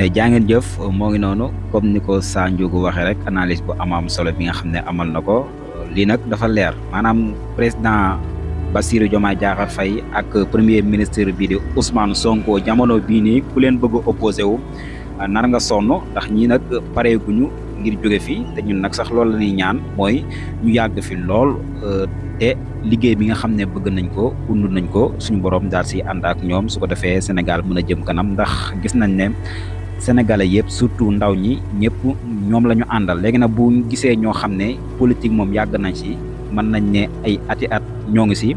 Eh, jaa ngeen jëf moo ngi noonu comme ni ko Sa Ndiogou waxee rek analyse bu amaam solo bi nga xam ne amal na ko lii nag dafa leer maanaam président Bassirou Diomaye Diakhar fay ak premier ministre bii di Ousmane Sonko jamono bii nii ku leen bëgg a opposé wu ah, nar nga sonn ndax ñii nag ñu ngir jóge fi te ñun nag sax loolu la ñuy ñaan mooy ñu yàgg fi lool euh, te liggéey bi nga xam ne bëgg nañ ko undu nañ ko suñu borom daal si ànd ak ñoom su ko defee Sénégal mën a jëm kanam ndax gis nañ ne sénégalais yëpp surtout ndaw ñi ñëpp ñoom la ñu àndal léegi nag bu gisee ñoo xam ne politique moom yàgg nañ ci mën nañ ne ay ati at ñoo ngi ci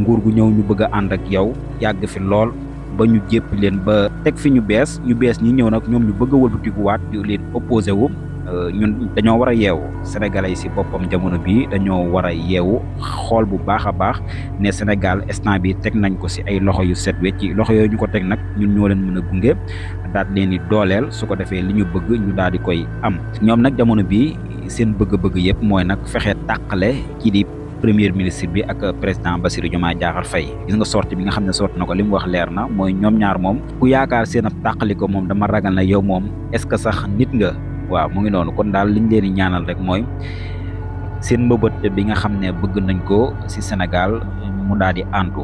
nguur gu ñëw ñu bëgg a ànd ak yow yàgg fi lool ba ñu jépp leen ba teg fi ñu bees ñu bees ñi ñëw nag ñoom ñu bëgg a wëlbatikuwaat yu leen opposé wu Eh, ñun dañoo wara a sénégalais ci bopam jamono bi dañoo wara a xol bu baaxa baax né sénégal instant bi tek nañ ko si ay loxo yu set wecc ci loxo yoy ñuko tek nak ñun ñoo leen mëna gungé daal leen di dolel suko défé li ñu bëgg ñu daal di koy am ñom nak jamono bi seen bëgg-bëgg yépp moy nak fexé takalé ci di premier ministre bi ak président Bassirou Diomaye Diakhar fay gis nga sorti bi nga xamne sort nako lim wax leer na moy ñom ñaar mom ku yaakar seen ab mom dama ragal na yow mom est ce que sax nit nga waaw mu ngi noonu kon daal liñ leen di ñaanal rek mooy seen mbëbët bi nga xam ne bëgg nañ ko si Sénégal mu daal di àntu